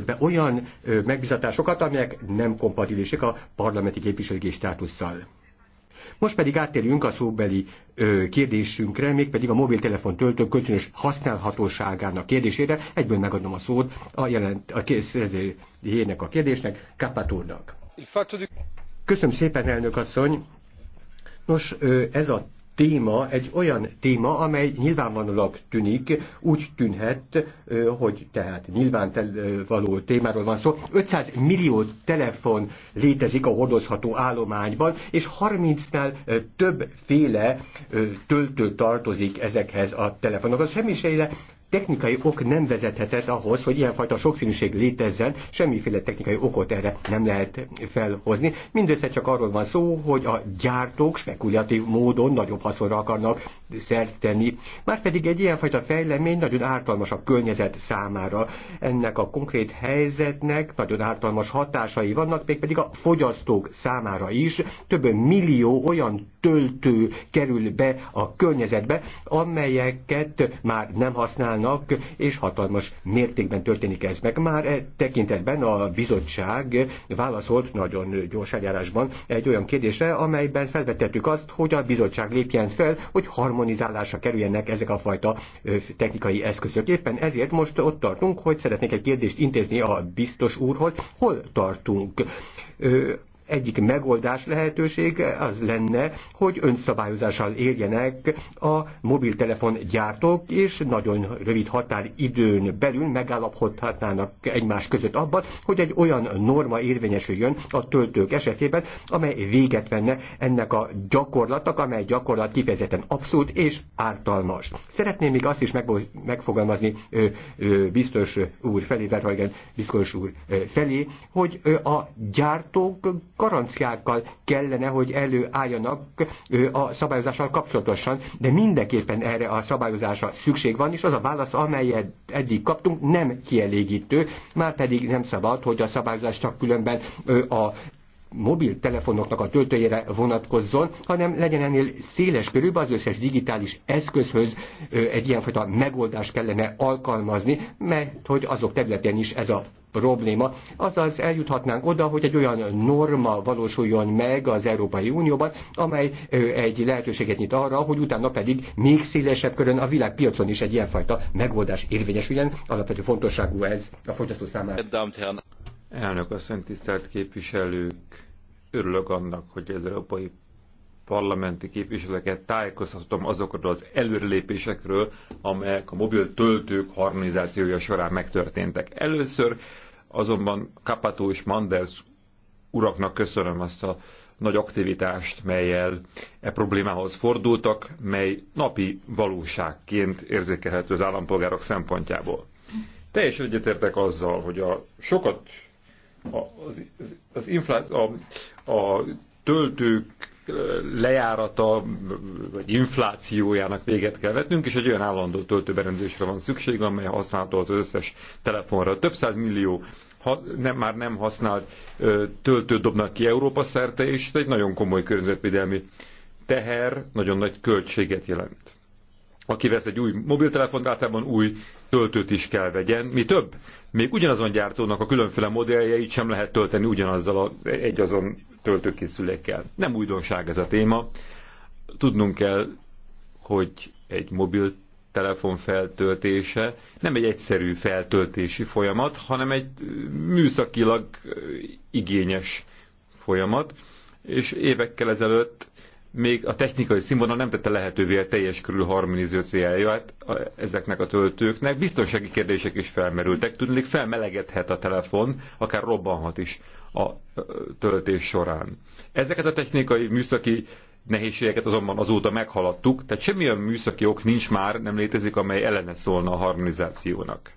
be olyan megbizatásokat, amelyek nem kompatibilisek a parlamenti képviselői státusszal. Most pedig áttérjünk a szóbeli ö, kérdésünkre, mégpedig a mobiltelefon töltő kölcsönös használhatóságának kérdésére. Egyből megadom a szót a, jelent, a kérdésének a kérdésnek, Kapatúrnak. Köszönöm szépen, elnök asszony. Nos, ö, ez a téma egy olyan téma, amely nyilvánvalóan tűnik, úgy tűnhet, hogy tehát nyilvánvaló témáról van szó. 500 millió telefon létezik a hordozható állományban, és 30-nál többféle töltő tartozik ezekhez a telefonokhoz. Semmiféle technikai ok nem vezethetett ahhoz, hogy ilyenfajta sokszínűség létezzen, semmiféle technikai okot erre nem lehet felhozni. Mindössze csak arról van szó, hogy a gyártók spekulatív módon nagyobb haszonra akarnak szert tenni. Márpedig egy ilyenfajta fejlemény nagyon ártalmas a környezet számára. Ennek a konkrét helyzetnek nagyon ártalmas hatásai vannak, pedig a fogyasztók számára is. Több millió olyan töltő kerül be a környezetbe, amelyeket már nem használnak válnak, és hatalmas mértékben történik ez meg. Már e tekintetben a bizottság válaszolt nagyon gyors eljárásban egy olyan kérdésre, amelyben felvetettük azt, hogy a bizottság lépjen fel, hogy harmonizálásra kerüljenek ezek a fajta technikai eszközök. Éppen ezért most ott tartunk, hogy szeretnék egy kérdést intézni a biztos úrhoz, hol tartunk egyik megoldás lehetőség az lenne, hogy önszabályozással érjenek a mobiltelefon gyártók, és nagyon rövid határidőn belül megállapodhatnának egymás között abban, hogy egy olyan norma érvényesüljön a töltők esetében, amely véget venne ennek a gyakorlatnak, amely gyakorlat kifejezetten abszurd és ártalmas. Szeretném még azt is megfogalmazni ö, ö, biztos úr felé, Verhagen biztos úr felé, hogy a gyártók garanciákkal kellene, hogy előálljanak a szabályozással kapcsolatosan, de mindenképpen erre a szabályozásra szükség van, és az a válasz, amelyet eddig kaptunk, nem kielégítő, már pedig nem szabad, hogy a szabályozás csak különben a mobiltelefonoknak a töltőjére vonatkozzon, hanem legyen ennél széles körülbe az összes digitális eszközhöz egy ilyenfajta megoldást kellene alkalmazni, mert hogy azok területén is ez a probléma, azaz eljuthatnánk oda, hogy egy olyan norma valósuljon meg az Európai Unióban, amely egy lehetőséget nyit arra, hogy utána pedig még szélesebb körön a világpiacon is egy ilyenfajta megoldás érvényesüljen, Alapvető fontosságú ez a fogyasztó számára. Elnök asszony, tisztelt képviselők! Örülök annak, hogy az európai parlamenti képviselőket tájékoztatom azokról az előrelépésekről, amelyek a mobil töltők harmonizációja során megtörténtek. Először azonban Kapató és Manders uraknak köszönöm azt a nagy aktivitást, melyel e problémához fordultak, mely napi valóságként érzékelhető az állampolgárok szempontjából. Teljesen egyetértek azzal, hogy a sokat az, az infláció, a, a töltők lejárata vagy inflációjának véget kell vetnünk, és egy olyan állandó töltőberendezésre van szükség, amely használható az összes telefonra. Több száz millió nem, már nem használt ö, töltőt dobnak ki Európa szerte, és ez egy nagyon komoly környezetvédelmi teher, nagyon nagy költséget jelent. Aki vesz egy új mobiltelefont, általában új töltőt is kell vegyen. Mi több, még ugyanazon gyártónak a különféle modelljeit sem lehet tölteni ugyanazzal a, egyazon töltőkészülékkel. Nem újdonság ez a téma. Tudnunk kell, hogy egy mobil telefon feltöltése nem egy egyszerű feltöltési folyamat, hanem egy műszakilag igényes folyamat, és évekkel ezelőtt még a technikai színvonal nem tette lehetővé a teljes körül harmonizációját ezeknek a töltőknek. Biztonsági kérdések is felmerültek, tudnék felmelegedhet a telefon, akár robbanhat is a töltés során. Ezeket a technikai, műszaki nehézségeket azonban azóta meghaladtuk, tehát semmilyen műszaki ok nincs már, nem létezik, amely ellene szólna a harmonizációnak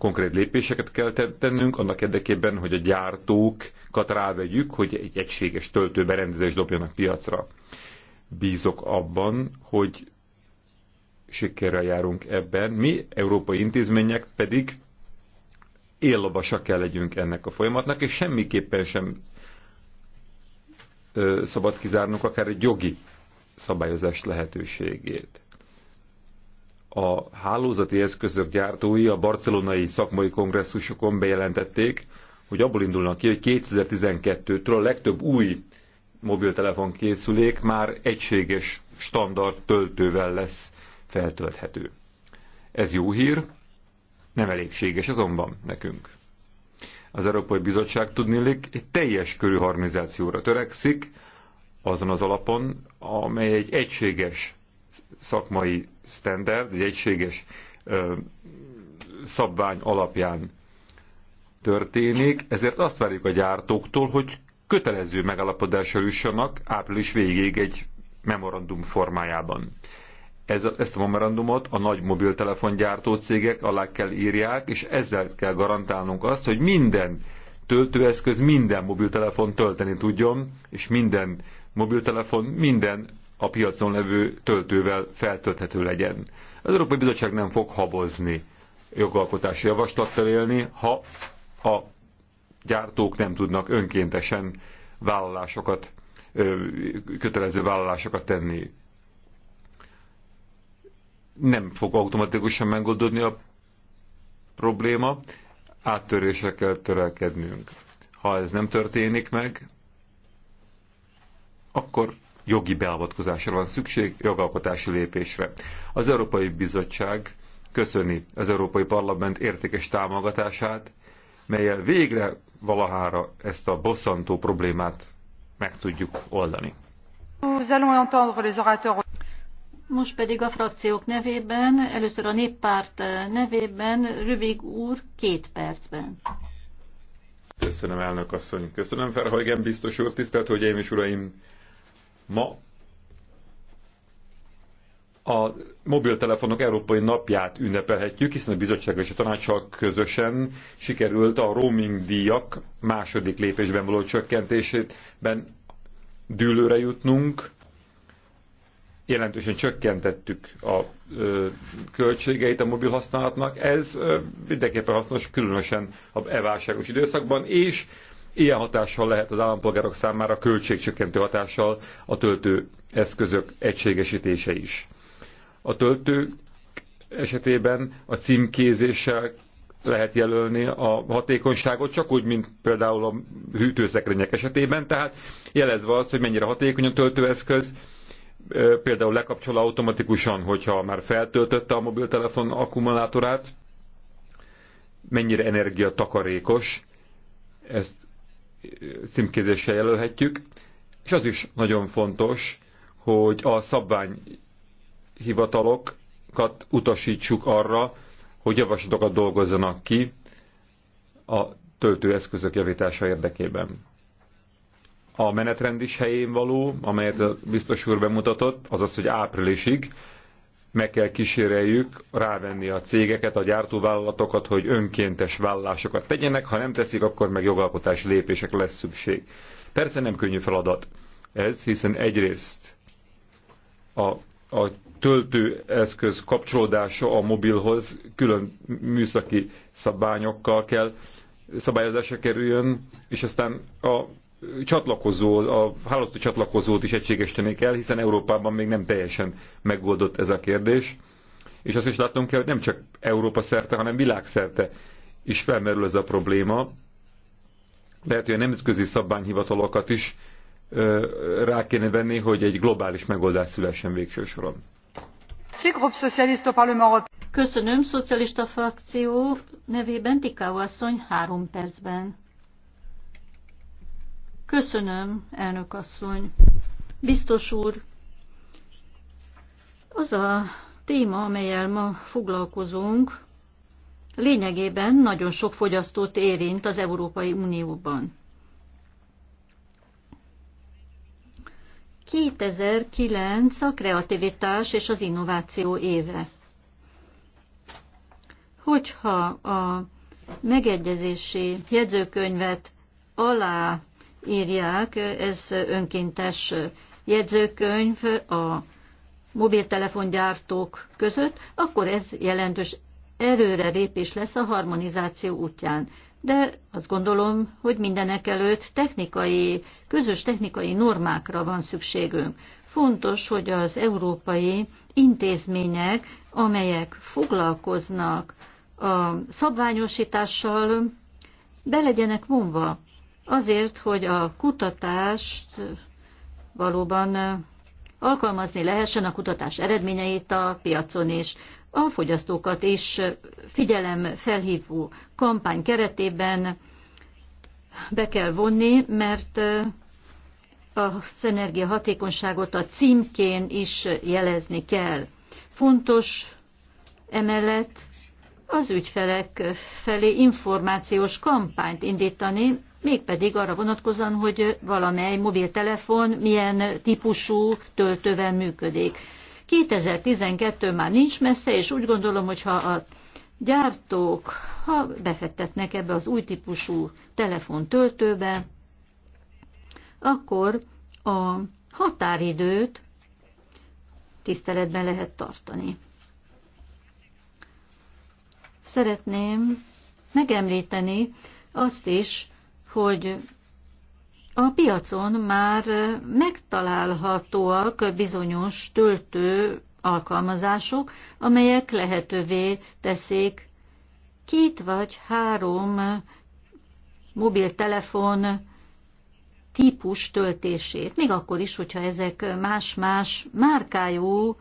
konkrét lépéseket kell tennünk annak érdekében, hogy a gyártókat rávegyük, hogy egy egységes töltőberendezést dobjanak piacra. Bízok abban, hogy sikerrel járunk ebben. Mi, európai intézmények pedig éllobasa kell legyünk ennek a folyamatnak, és semmiképpen sem szabad kizárnunk akár egy jogi szabályozás lehetőségét a hálózati eszközök gyártói a barcelonai szakmai kongresszusokon bejelentették, hogy abból indulnak ki, hogy 2012-től a legtöbb új mobiltelefon készülék már egységes standard töltővel lesz feltölthető. Ez jó hír, nem elégséges azonban nekünk. Az Európai Bizottság tudnélik egy teljes körű harmonizációra törekszik, azon az alapon, amely egy egységes szakmai standard, egy egységes szabvány alapján történik, ezért azt várjuk a gyártóktól, hogy kötelező megalapodásra jussanak április végéig egy memorandum formájában. Ez, ezt a memorandumot a nagy mobiltelefongyártó cégek alá kell írják, és ezzel kell garantálnunk azt, hogy minden töltőeszköz minden mobiltelefon tölteni tudjon, és minden mobiltelefon minden a piacon levő töltővel feltölthető legyen. Az Európai Bizottság nem fog habozni jogalkotási javaslattal élni, ha a gyártók nem tudnak önkéntesen vállalásokat, kötelező vállalásokat tenni. Nem fog automatikusan megoldódni a probléma, áttörésre kell törekednünk. Ha ez nem történik meg, akkor jogi beavatkozásra van szükség, jogalkotási lépésre. Az Európai Bizottság köszöni az Európai Parlament értékes támogatását, melyel végre valahára ezt a bosszantó problémát meg tudjuk oldani. Most pedig a frakciók nevében, először a néppárt nevében, Rövig úr két percben. Köszönöm, elnök asszony. Köszönöm, Ferhajgen biztos úr, tisztelt hogy én és uraim. Ma a mobiltelefonok európai napját ünnepelhetjük, hiszen a bizottság és a tanácssal közösen sikerült a roaming díjak második lépésben való csökkentésében dűlőre jutnunk. Jelentősen csökkentettük a ö, költségeit a mobil használatnak. Ez ö, mindenképpen hasznos, különösen a e időszakban, és Ilyen hatással lehet az állampolgárok számára költségcsökkentő hatással a töltő eszközök egységesítése is. A töltő esetében a címkézéssel lehet jelölni a hatékonyságot, csak úgy, mint például a hűtőszekrények esetében, tehát jelezve az, hogy mennyire hatékony a töltőeszköz, például lekapcsol automatikusan, hogyha már feltöltötte a mobiltelefon akkumulátorát, mennyire energiatakarékos, ezt címkézéssel jelölhetjük, és az is nagyon fontos, hogy a szabványhivatalokat utasítsuk arra, hogy javaslatokat dolgozzanak ki a töltőeszközök javítása érdekében. A menetrend is helyén való, amelyet a biztos úr bemutatott, azaz, hogy áprilisig meg kell kíséreljük rávenni a cégeket, a gyártóvállalatokat, hogy önkéntes vállásokat tegyenek, ha nem teszik, akkor meg jogalkotási lépések lesz szükség. Persze nem könnyű feladat ez, hiszen egyrészt a, a töltőeszköz kapcsolódása a mobilhoz külön műszaki szabályokkal kell szabályozásra kerüljön, és aztán a csatlakozó, a hálózati csatlakozót is egységesíteni kell, hiszen Európában még nem teljesen megoldott ez a kérdés. És azt is látnunk kell, hogy nem csak Európa szerte, hanem világszerte is felmerül ez a probléma. Lehet, hogy a nemzetközi szabványhivatalokat is ö, rá kéne venni, hogy egy globális megoldás szülessen végső soron. Köszönöm, szocialista frakció nevében Tikáó asszony három percben. Köszönöm, elnök asszony. Biztos úr, az a téma, amelyel ma foglalkozunk, lényegében nagyon sok fogyasztót érint az Európai Unióban. 2009 a kreativitás és az innováció éve. Hogyha a megegyezési jegyzőkönyvet alá írják, ez önkéntes jegyzőkönyv a mobiltelefongyártók között, akkor ez jelentős erőre lépés lesz a harmonizáció útján. De azt gondolom, hogy mindenek előtt technikai, közös technikai normákra van szükségünk. Fontos, hogy az európai intézmények, amelyek foglalkoznak a szabványosítással, be legyenek vonva azért, hogy a kutatást valóban alkalmazni lehessen a kutatás eredményeit a piacon is. A fogyasztókat is figyelem felhívó kampány keretében be kell vonni, mert az energiahatékonyságot a címkén is jelezni kell. Fontos emellett az ügyfelek felé információs kampányt indítani, mégpedig arra vonatkozóan, hogy valamely mobiltelefon milyen típusú töltővel működik. 2012 már nincs messze, és úgy gondolom, hogy ha a gyártók ha befektetnek ebbe az új típusú telefon töltőbe, akkor a határidőt tiszteletben lehet tartani. Szeretném megemlíteni azt is, hogy a piacon már megtalálhatóak bizonyos töltő alkalmazások, amelyek lehetővé teszik két vagy három mobiltelefon típus töltését, még akkor is, hogyha ezek más-más márkájú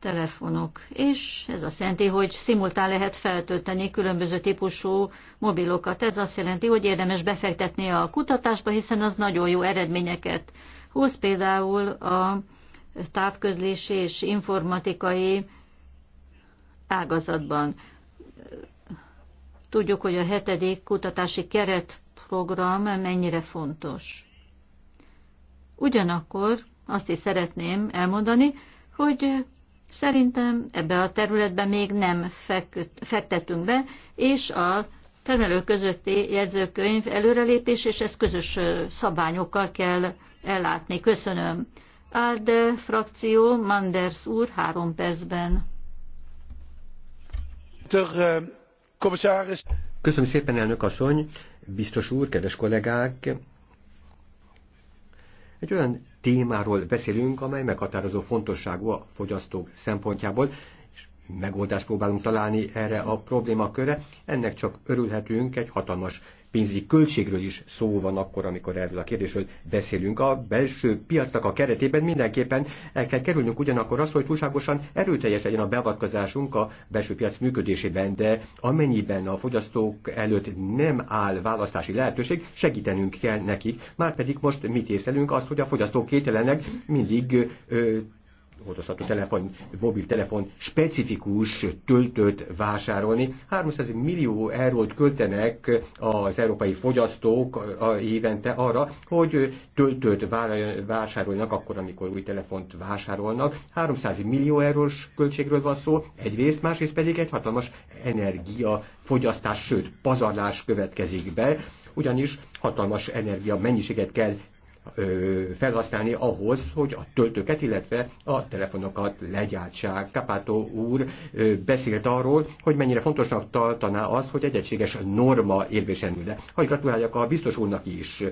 telefonok, és ez azt jelenti, hogy szimultán lehet feltölteni különböző típusú mobilokat. Ez azt jelenti, hogy érdemes befektetni a kutatásba, hiszen az nagyon jó eredményeket hoz például a távközlési és informatikai ágazatban. Tudjuk, hogy a hetedik kutatási keretprogram mennyire fontos. Ugyanakkor azt is szeretném elmondani, hogy Szerintem ebbe a területbe még nem fektetünk be, és a termelők közötti jegyzőkönyv előrelépés, és ezt közös szabályokkal kell ellátni. Köszönöm. ALDE frakció, Manders úr, három percben. Köszönöm szépen, elnök asszony, biztos úr, kedves kollégák. Egy olyan témáról beszélünk, amely meghatározó fontosságú a fogyasztók szempontjából, és megoldást próbálunk találni erre a problémakörre. Ennek csak örülhetünk egy hatalmas pénzügyi költségről is szó van akkor, amikor erről a kérdésről beszélünk. A belső piacnak a keretében mindenképpen el kell kerülnünk ugyanakkor azt, hogy túlságosan erőteljes legyen a beavatkozásunk a belső piac működésében, de amennyiben a fogyasztók előtt nem áll választási lehetőség, segítenünk kell nekik. Már pedig most mit észlelünk azt, hogy a fogyasztók kételenek mindig ö, hordozható telefon, mobiltelefon specifikus töltőt vásárolni. 300 millió eurót költenek az európai fogyasztók évente arra, hogy töltőt vásároljanak akkor, amikor új telefont vásárolnak. 300 millió eurós költségről van szó, egyrészt, másrészt pedig egy hatalmas energia fogyasztás, sőt, pazarlás következik be, ugyanis hatalmas energia mennyiséget kell felhasználni ahhoz, hogy a töltőket, illetve a telefonokat legyártsák. Kapátó úr beszélt arról, hogy mennyire fontosnak tartaná az, hogy egy egységes norma érvényesülne. Hogy gratuláljak a biztos úrnak is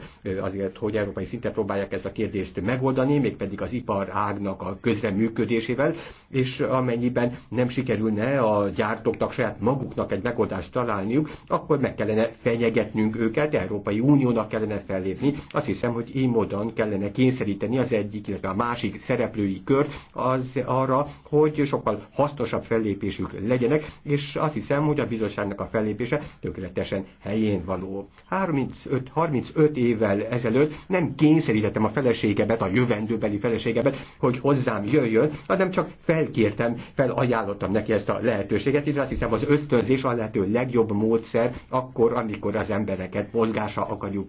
azért, hogy európai szinten próbálják ezt a kérdést megoldani, mégpedig az iparágnak a közreműködésével, és amennyiben nem sikerülne a gyártóknak saját maguknak egy megoldást találniuk, akkor meg kellene fenyegetnünk őket, Európai Uniónak kellene fellépni. Azt hiszem, hogy így módon kellene kényszeríteni az egyik, illetve a másik szereplői kört az arra, hogy sokkal hasznosabb fellépésük legyenek, és azt hiszem, hogy a bizottságnak a fellépése tökéletesen helyén való. 35, 35 évvel ezelőtt nem kényszerítettem a feleségemet, a jövendőbeli feleségemet, hogy hozzám jöjjön, hanem csak felkértem, felajánlottam neki ezt a lehetőséget, és azt hiszem az ösztönzés a lehető legjobb módszer akkor, amikor az embereket mozgásra akarjuk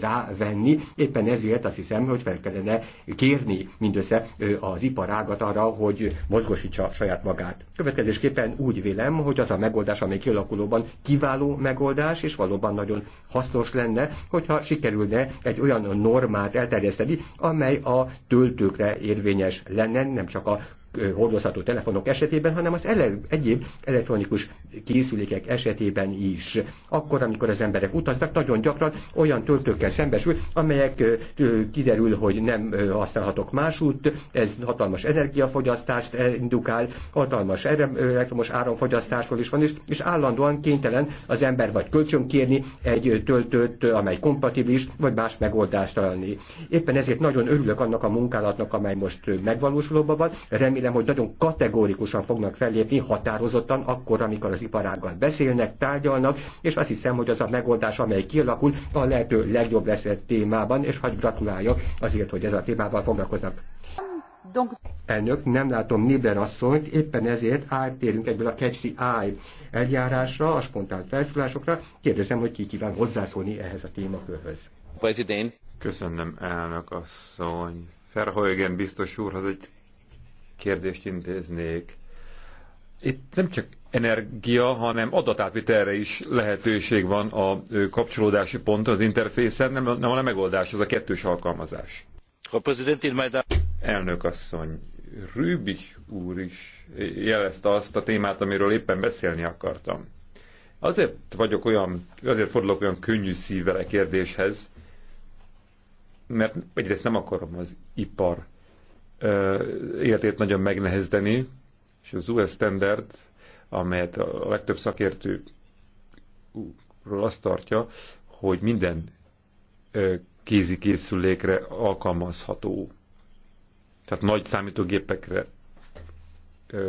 rávenni. Éppen ez ezért azt hiszem, hogy fel kellene kérni mindössze az iparágat arra, hogy mozgosítsa saját magát. Következésképpen úgy vélem, hogy az a megoldás, amely kialakulóban kiváló megoldás, és valóban nagyon hasznos lenne, hogyha sikerülne egy olyan normát elterjeszteni, amely a töltőkre érvényes lenne, nem csak a hordozható telefonok esetében, hanem az ele- egyéb elektronikus készülékek esetében is. Akkor, amikor az emberek utaznak, nagyon gyakran olyan töltőkkel szembesül, amelyek kiderül, hogy nem használhatok másút, ez hatalmas energiafogyasztást indukál, hatalmas elektromos áramfogyasztásról is van, és, és állandóan kénytelen az ember vagy kérni egy töltőt, amely kompatibilis, vagy más megoldást találni. Éppen ezért nagyon örülök annak a munkálatnak, amely most megvalósulóban van. Remélem, remélem, hogy nagyon kategórikusan fognak fellépni, határozottan, akkor, amikor az iparággal beszélnek, tárgyalnak, és azt hiszem, hogy az a megoldás, amely kialakul, a lehető legjobb lesz egy témában, és hagy gratuláljak azért, hogy ez a témával foglalkoznak. Donc... Elnök, nem látom Niber asszonyt, éppen ezért áttérünk egyből a kecsi áj eljárásra, a spontán felszólásokra. Kérdezem, hogy ki kíván hozzászólni ehhez a témakörhöz. President. Köszönöm, elnök asszony. Ferhojgen biztos úrhoz hogy kérdést intéznék. Itt nem csak energia, hanem adatátvitelre is lehetőség van a kapcsolódási pont az interfészen, nem, nem a megoldás, az a kettős alkalmazás. A Elnök asszony, Rübich úr is jelezte azt a témát, amiről éppen beszélni akartam. Azért vagyok olyan, azért fordulok olyan könnyű szívvel a kérdéshez, mert egyrészt nem akarom az ipar életét nagyon megnehezdeni, és az US standard, amelyet a legtöbb szakértő azt tartja, hogy minden kézi készülékre alkalmazható. Tehát nagy számítógépekre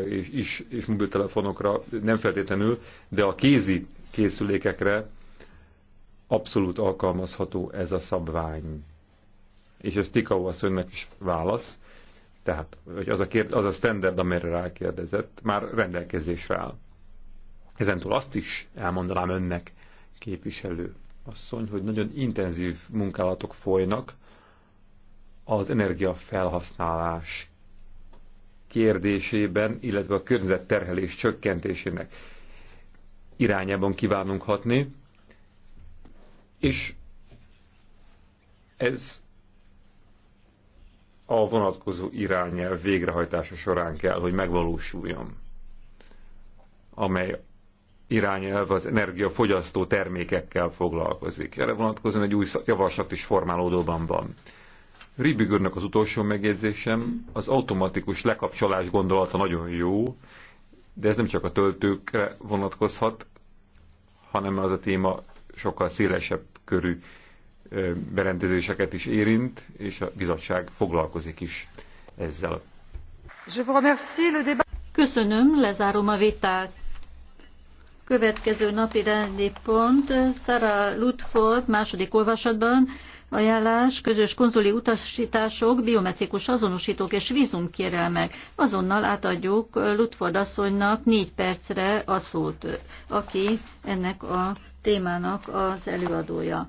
és, és, és mobiltelefonokra nem feltétlenül, de a kézi készülékekre abszolút alkalmazható ez a szabvány. És ez Tikau asszonynak is válasz tehát hogy az a, kérd, az a standard, amire rákérdezett, már rendelkezésre áll. Ezentúl azt is elmondanám önnek, képviselő asszony, hogy nagyon intenzív munkálatok folynak az energiafelhasználás kérdésében, illetve a környezetterhelés csökkentésének irányában kívánunk hatni, és ez a vonatkozó irányel végrehajtása során kell, hogy megvalósuljon, amely irányelv az energiafogyasztó termékekkel foglalkozik. Erre vonatkozóan egy új javaslat is formálódóban van. Ribigörnek az utolsó megjegyzésem, az automatikus lekapcsolás gondolata nagyon jó, de ez nem csak a töltőkre vonatkozhat, hanem az a téma sokkal szélesebb körű berendezéseket is érint, és a bizottság foglalkozik is ezzel. Köszönöm, lezárom a vitát. Következő napi rendi pont, Sara Lutford második olvasatban ajánlás, közös konzuli utasítások, biometrikus azonosítók és vízumkérelmek. Azonnal átadjuk Lutford asszonynak négy percre a szót, aki ennek a témának az előadója.